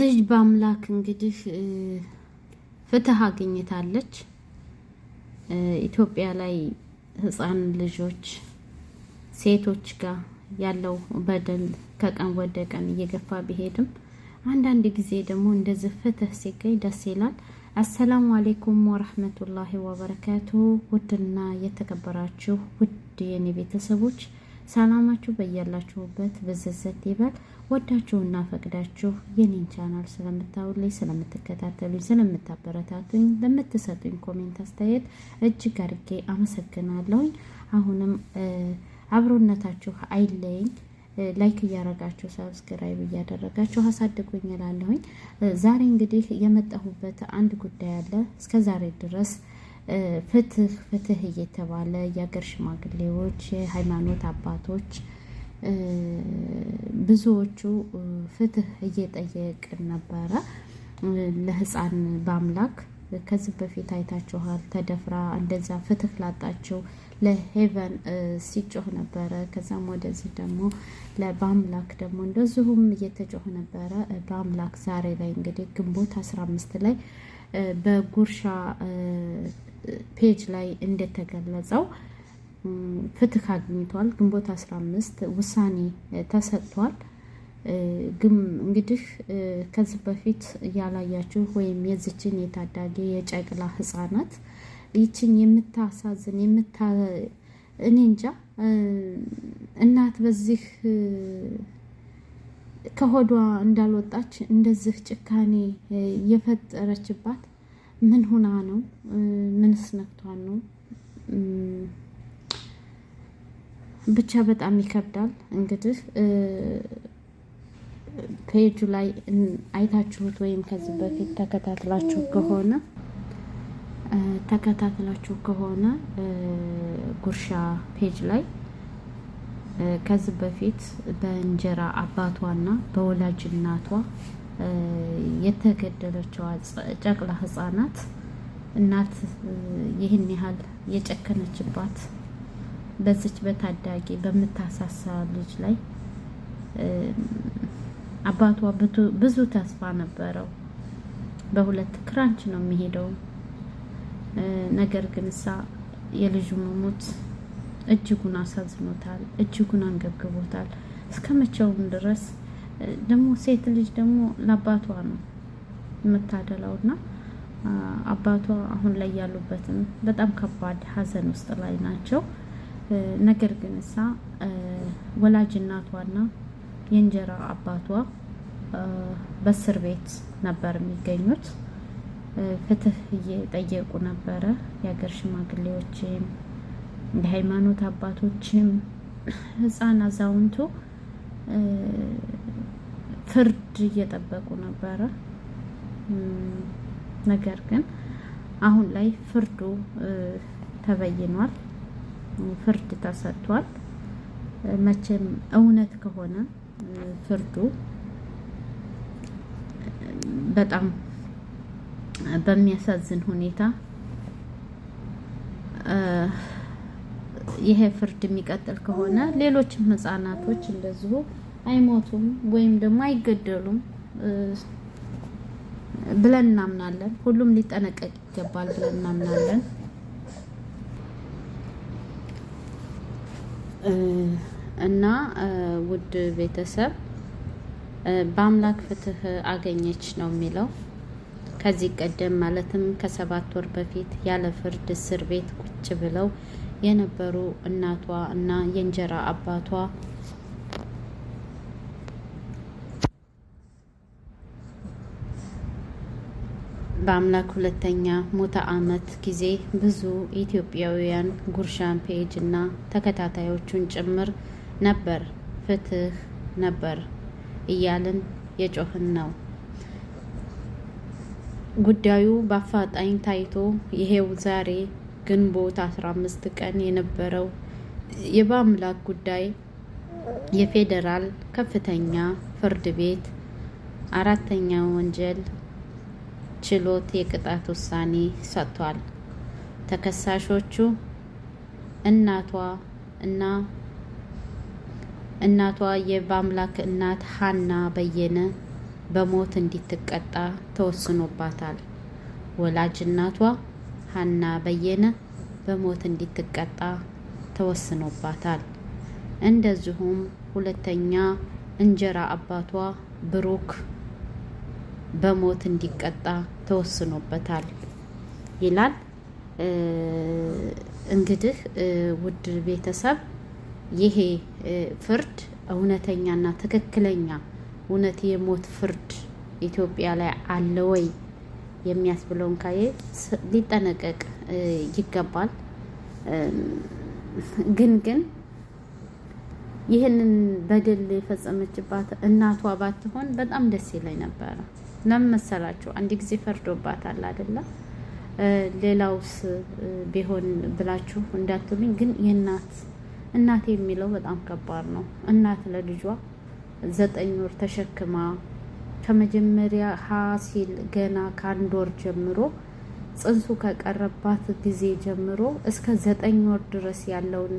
ልጅ በአምላክ እንግዲህ ፍትህ አግኝታለች። ኢትዮጵያ ላይ ህፃን ልጆች ሴቶች ጋር ያለው በደል ከቀን ወደ ቀን እየገፋ ቢሄድም አንዳንድ ጊዜ ደግሞ እንደዚህ ፍትህ ሲገኝ ደስ ይላል። አሰላሙ አሌይኩም ወረህመቱላሂ ወበረካቱ። ውድና የተከበራችሁ ውድ የኔ ቤተሰቦች ሰላማችሁ በያላችሁበት ብዝዘት ይበል። ወዳችሁና ፈቅዳችሁ የኔን ቻናል ስለምታውልኝ፣ ስለምትከታተሉኝ፣ ስለምታበረታቱኝ፣ ለምትሰጡኝ ኮሜንት አስተያየት እጅግ አድርጌ አመሰግናለሁኝ። አሁንም አብሮነታችሁ አይለይኝ። ላይክ እያረጋችሁ ሰብስክራይብ እያደረጋችሁ አሳድጉኝ እላለሁኝ። ዛሬ እንግዲህ የመጣሁበት አንድ ጉዳይ አለ እስከ ዛሬ ድረስ ፍትህ ፍትህ እየተባለ የሀገር ሽማግሌዎች፣ የሃይማኖት አባቶች ብዙዎቹ ፍትህ እየጠየቅን ነበረ ለህፃን በአምላክ ከዚህ በፊት አይታችኋል። ተደፍራ እንደዛ ፍትህ ላጣችው ለሄቨን ሲጮህ ነበረ። ከዛም ወደዚህ ደግሞ በአምላክ ደግሞ እንደዚሁም እየተጮህ ነበረ። በአምላክ ዛሬ ላይ እንግዲህ ግንቦት አስራ አምስት ላይ በጉርሻ ፔጅ ላይ እንደተገለጸው ፍትህ አግኝቷል። ግንቦት 15 ውሳኔ ተሰጥቷል። ግን እንግዲህ ከዚህ በፊት ያላያችሁ ወይም የዚችን የታዳጊ የጨቅላ ህጻናት ይችን የምታሳዝን የምታ እኔ እንጃ እናት በዚህ ከሆዷ እንዳልወጣች እንደዚህ ጭካኔ የፈጠረችባት ምን ሆና ነው? ምንስ ነክቷን ነው? ብቻ በጣም ይከብዳል። እንግዲህ ፔጁ ላይ አይታችሁት ወይም ከዚህ በፊት ተከታትላችሁ ከሆነ ተከታትላችሁ ከሆነ ጉርሻ ፔጅ ላይ ከዚህ በፊት በእንጀራ አባቷና በወላጅ እናቷ የተገደለችዋ ጨቅላ ህጻናት እናት ይህን ያህል የጨከነችባት በዚች በታዳጊ በምታሳሳ ልጅ ላይ አባቷ ብዙ ተስፋ ነበረው። በሁለት ክራንች ነው የሚሄደው። ነገር ግን እሳ የልጁ መሞት እጅጉን አሳዝኖታል፣ እጅጉን አንገብግቦታል። እስከ መቼውም ድረስ ደግሞ ሴት ልጅ ደግሞ ለአባቷ ነው የምታደላው እና አባቷ አሁን ላይ ያሉበትም በጣም ከባድ ሀዘን ውስጥ ላይ ናቸው። ነገር ግን እሳ ወላጅ እናቷና የእንጀራ አባቷ በእስር ቤት ነበር የሚገኙት። ፍትህ እየጠየቁ ነበረ። የሀገር ሽማግሌዎችም የሃይማኖት አባቶችም ህፃን አዛውንቱ ፍርድ እየጠበቁ ነበረ። ነገር ግን አሁን ላይ ፍርዱ ተበይኗል፣ ፍርድ ተሰጥቷል። መቼም እውነት ከሆነ ፍርዱ በጣም በሚያሳዝን ሁኔታ ይሄ ፍርድ የሚቀጥል ከሆነ ሌሎችም ህጻናቶች እንደዚሁ አይሞቱም ወይም ደግሞ አይገደሉም ብለን እናምናለን። ሁሉም ሊጠነቀቅ ይገባል ብለን እናምናለን። እና ውድ ቤተሰብ በአምላክ ፍትህ አገኘች ነው የሚለው። ከዚህ ቀደም ማለትም ከሰባት ወር በፊት ያለ ፍርድ እስር ቤት ቁጭ ብለው የነበሩ እናቷ እና የእንጀራ አባቷ በአምላክ ሁለተኛ ሞታ ዓመት ጊዜ ብዙ ኢትዮጵያውያን ጉርሻን ፔጅ እና ተከታታዮቹን ጭምር ነበር ፍትህ ነበር እያልን የጮህን ነው። ጉዳዩ በአፋጣኝ ታይቶ ይሄው ዛሬ ግንቦት 15 ቀን የነበረው የበአምላክ ጉዳይ የፌዴራል ከፍተኛ ፍርድ ቤት አራተኛ ወንጀል ችሎት የቅጣት ውሳኔ ሰጥቷል። ተከሳሾቹ እናቷ እና እናቷ የባምላክ እናት ሀና በየነ በሞት እንድትቀጣ ተወስኖባታል። ወላጅ እናቷ ሀና በየነ በሞት እንድትቀጣ ተወስኖባታል። እንደዚሁም ሁለተኛ እንጀራ አባቷ ብሩክ በሞት እንዲቀጣ ተወስኖበታል ይላል። እንግዲህ ውድ ቤተሰብ ይሄ ፍርድ እውነተኛና ትክክለኛ እውነት የሞት ፍርድ ኢትዮጵያ ላይ አለ ወይ የሚያስብለውን ካየ ሊጠነቀቅ ይገባል። ግን ግን ይህንን በደል የፈጸመችባት እናቷ ባትሆን በጣም ደስ ይለኝ ነበረ። ለምን መሰላችሁ? አንድ ጊዜ ፈርዶባታል አይደለ? ሌላውስ ቢሆን ብላችሁ እንዳትሉኝ፣ ግን የእናት እናት የሚለው በጣም ከባድ ነው። እናት ለልጇ ዘጠኝ ወር ተሸክማ ከመጀመሪያ ሀ ሲል ገና ከአንድ ወር ጀምሮ ጽንሱ ከቀረባት ጊዜ ጀምሮ እስከ ዘጠኝ ወር ድረስ ያለውን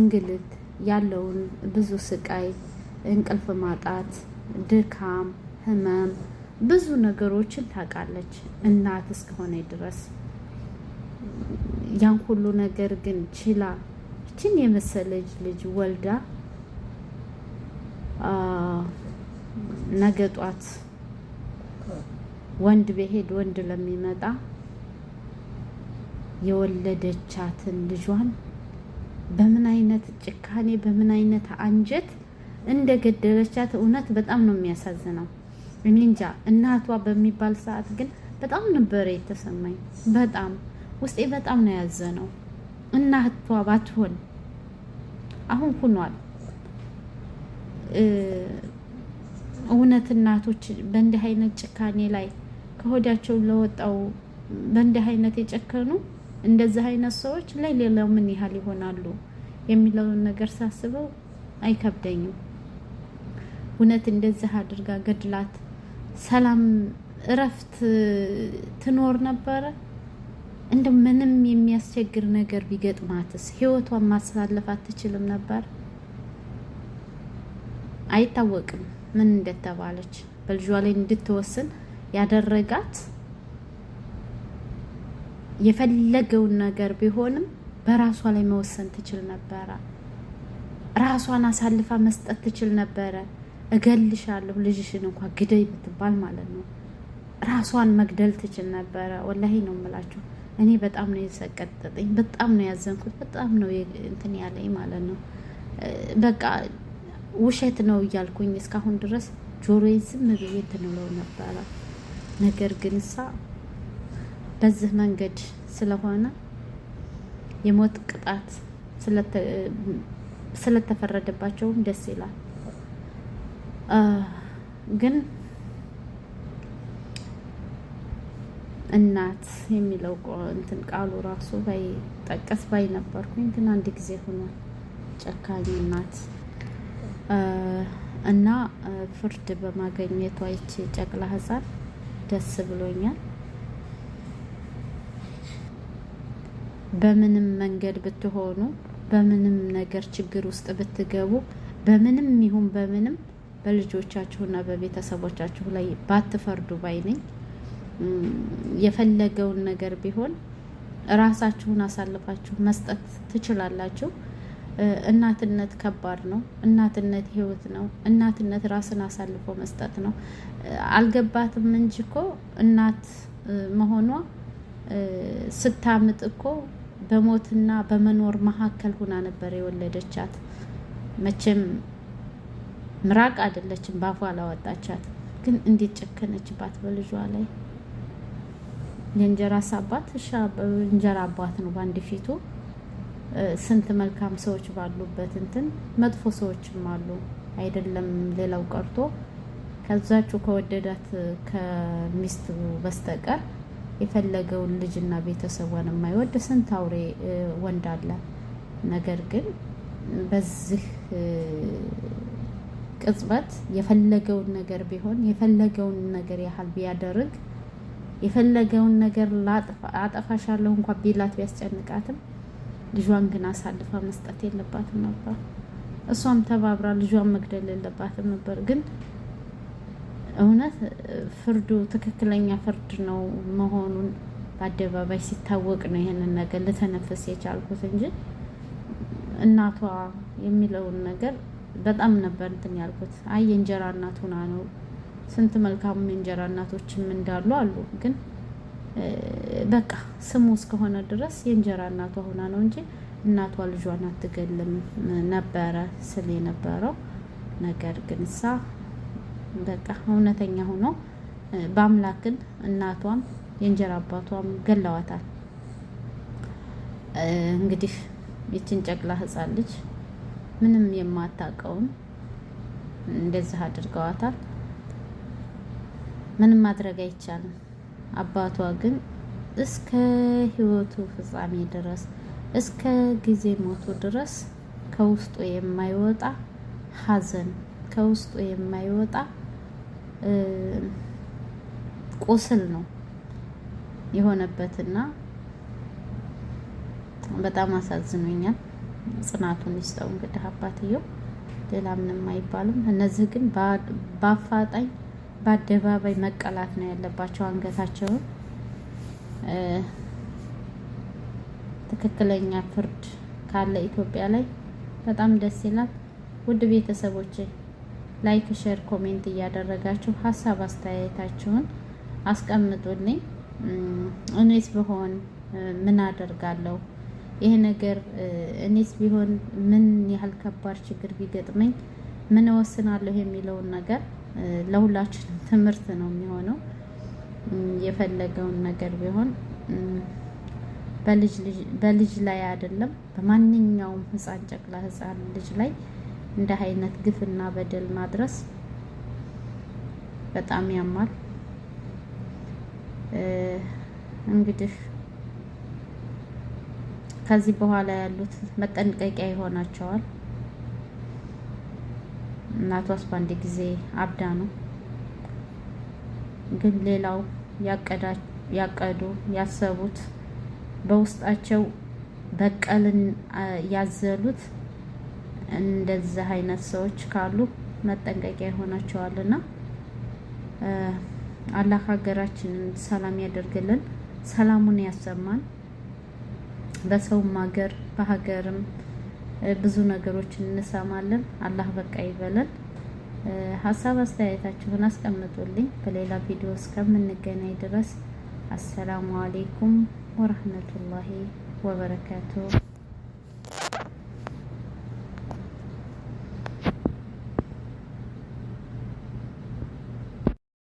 እንግልት ያለውን ብዙ ስቃይ፣ እንቅልፍ ማጣት፣ ድካም፣ ህመም ብዙ ነገሮችን ታውቃለች እናት እስከሆነ ድረስ። ያን ሁሉ ነገር ግን ችላ ይችን የመሰለች ልጅ ወልዳ ነገ ጧት ወንድ በሄድ ወንድ ለሚመጣ የወለደቻትን ልጇን በምን አይነት ጭካኔ በምን አይነት አንጀት እንደገደለቻት እውነት በጣም ነው የሚያሳዝነው። እንጃ እናቷ በሚባል ሰዓት ግን በጣም ነበረ የተሰማኝ። በጣም ውስጤ በጣም ነው ነው። እናቷ ባትሆን አሁን ሁኗል። እውነት እናቶች በእንዲህ አይነት ጭካኔ ላይ ከሆዳቸው ለወጣው በእንዲህ አይነት የጨከኑ እንደዚህ አይነት ሰዎች ለሌላው ምን ያህል ይሆናሉ የሚለውን ነገር ሳስበው አይከብደኝም። እውነት እንደዚህ አድርጋ ገድላት ሰላም እረፍት ትኖር ነበረ። እንደ ምንም የሚያስቸግር ነገር ቢገጥማትስ ህይወቷን ማሳለፍ አትችልም ነበር። አይታወቅም ምን እንደተባለች በልጇ ላይ እንድትወስን ያደረጋት የፈለገውን ነገር ቢሆንም በራሷ ላይ መወሰን ትችል ነበረ። ራሷን አሳልፋ መስጠት ትችል ነበረ። እገልሻለሁ ልጅሽን እንኳ ግደይ ብትባል ማለት ነው ራሷን መግደል ትችል ነበረ። ወላሂ ነው የምላችሁ። እኔ በጣም ነው የሰቀጠጠኝ፣ በጣም ነው ያዘንኩት፣ በጣም ነው እንትን ያለኝ ማለት ነው። በቃ ውሸት ነው እያልኩኝ እስካሁን ድረስ ጆሮዬን ዝም ብዬ ትንለው ነበረ። ነገር ግን እሳ በዚህ መንገድ ስለሆነ የሞት ቅጣት ስለተፈረደባቸውም ደስ ይላል። ግን እናት የሚለው እንትን ቃሉ ራሱ ባይጠቀስ ባይ ነበርኩኝ። ግን አንድ ጊዜ ሆኗል ጨካኝ እናት እና ፍርድ በማገኘቷ ይቺ ጨቅላ ህፃን ደስ ብሎኛል። በምንም መንገድ ብትሆኑ፣ በምንም ነገር ችግር ውስጥ ብትገቡ፣ በምንም ይሁን በምንም በልጆቻችሁና በቤተሰቦቻችሁ ላይ ባትፈርዱ ባይ ነኝ። የፈለገውን ነገር ቢሆን ራሳችሁን አሳልፋችሁ መስጠት ትችላላችሁ። እናትነት ከባድ ነው። እናትነት ህይወት ነው። እናትነት ራስን አሳልፎ መስጠት ነው። አልገባትም እንጂ እኮ እናት መሆኗ ስታምጥ እኮ በሞትና በመኖር መካከል ሁና ነበር የወለደቻት መቼም ምራቅ አይደለችም፣ ባፏ አላወጣቻት። ግን እንዴት ጨከነችባት በልጇ ላይ። የእንጀራ ሳባት እንጀራ አባት ነው በአንድ ፊቱ። ስንት መልካም ሰዎች ባሉበት እንትን መጥፎ ሰዎችም አሉ አይደለም። ሌላው ቀርቶ ከዛችሁ ከወደዳት ከሚስት በስተቀር የፈለገውን ልጅና ቤተሰቧን የማይወድ ስንት አውሬ ወንድ አለ። ነገር ግን በዚህ ቅጽበት የፈለገውን ነገር ቢሆን የፈለገውን ነገር ያህል ቢያደርግ የፈለገውን ነገር አጠፋሻለሁ እንኳ ቢላት ቢያስጨንቃትም ልጇን ግን አሳልፋ መስጠት የለባትም ነበር። እሷም ተባብራ ልጇን መግደል የለባትም ነበር። ግን እውነት ፍርዱ ትክክለኛ ፍርድ ነው መሆኑን በአደባባይ ሲታወቅ ነው ይህንን ነገር ልተነፍስ የቻልኩት እንጂ እናቷ የሚለውን ነገር በጣም ነበር እንትን ያልኩት። አይ የእንጀራ እናት ሆና ነው። ስንት መልካም የእንጀራ እናቶችም እንዳሉ አሉ። ግን በቃ ስሙ እስከሆነ ድረስ የእንጀራ እናቷ ሆና ነው እንጂ እናቷ ልጇን አትገልም ነበረ ስል የነበረው ነገር ግን ሳ በቃ እውነተኛ ሆኖ በአምላክን እናቷም የእንጀራ አባቷም ገለዋታል። እንግዲህ ይችን ጨቅላ ህጻን ልጅ ምንም የማታውቀውን እንደዚህ አድርገዋታል። ምንም ማድረግ አይቻልም። አባቷ ግን እስከ ህይወቱ ፍጻሜ ድረስ እስከ ጊዜ ሞቱ ድረስ ከውስጡ የማይወጣ ሐዘን ከውስጡ የማይወጣ ቁስል ነው የሆነበትና በጣም አሳዝኖኛል። ጽናቱን ይስጠው። እንግዲህ አባትየው ሌላ ምንም አይባሉም። እነዚህ ግን በአፋጣኝ በአደባባይ መቀላት ነው ያለባቸው። አንገታቸውን ትክክለኛ ፍርድ ካለ ኢትዮጵያ ላይ በጣም ደስ ይላል። ውድ ቤተሰቦች ላይክ፣ ሼር፣ ኮሜንት እያደረጋችሁ ሀሳብ አስተያየታችሁን አስቀምጡልኝ። እኔስ ብሆን ምን አደርጋለሁ ይሄ ነገር እኔስ ቢሆን ምን ያህል ከባድ ችግር ቢገጥመኝ ምን እወስናለሁ የሚለውን ነገር ለሁላችንም ትምህርት ነው የሚሆነው። የፈለገውን ነገር ቢሆን በልጅ ላይ አይደለም በማንኛውም ህፃን ጨቅላ ህፃን ልጅ ላይ እንደ አይነት ግፍና በደል ማድረስ በጣም ያማል። እንግዲህ ከዚህ በኋላ ያሉት መጠንቀቂያ ይሆናቸዋል። እናቷስ በአንድ ጊዜ አብዳ ነው። ግን ሌላው ያቀዱ ያሰቡት በውስጣቸው በቀልን ያዘሉት እንደዚህ አይነት ሰዎች ካሉ መጠንቀቂያ ይሆናቸዋል እና አላህ ሀገራችንን ሰላም ያደርግልን፣ ሰላሙን ያሰማን። በሰውም ሀገር በሀገርም ብዙ ነገሮችን እንሰማለን። አላህ በቃ ይበለን። ሀሳብ አስተያየታችሁን አስቀምጡልኝ። በሌላ ቪዲዮ እስከምንገናኝ ድረስ አሰላሙ አሌይኩም ወረህመቱላሂ ወበረካቱ።